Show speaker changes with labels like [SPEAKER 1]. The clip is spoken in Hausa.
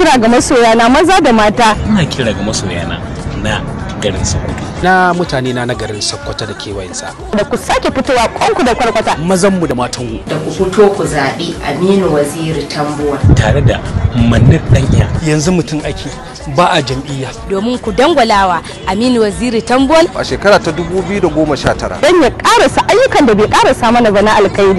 [SPEAKER 1] kira ga masoya na maza da mata
[SPEAKER 2] ina kira ga masoya na na garin sokoto na mutane na garin sokoto da kewayensa da ku sake fitowa kwanku da kwarkwata mazan mu da matan mu da
[SPEAKER 3] ku
[SPEAKER 4] fito ku zaɓi aminu waziri tambuwa
[SPEAKER 2] tare da manir
[SPEAKER 5] danya yanzu mutum ake ba a jam'iyya
[SPEAKER 4] domin ku dangwalawa aminu waziri
[SPEAKER 6] Tambuwa? a shekara ta 2019 Dan ya karasa ayyukan da bai karasa mana ba na alkhairi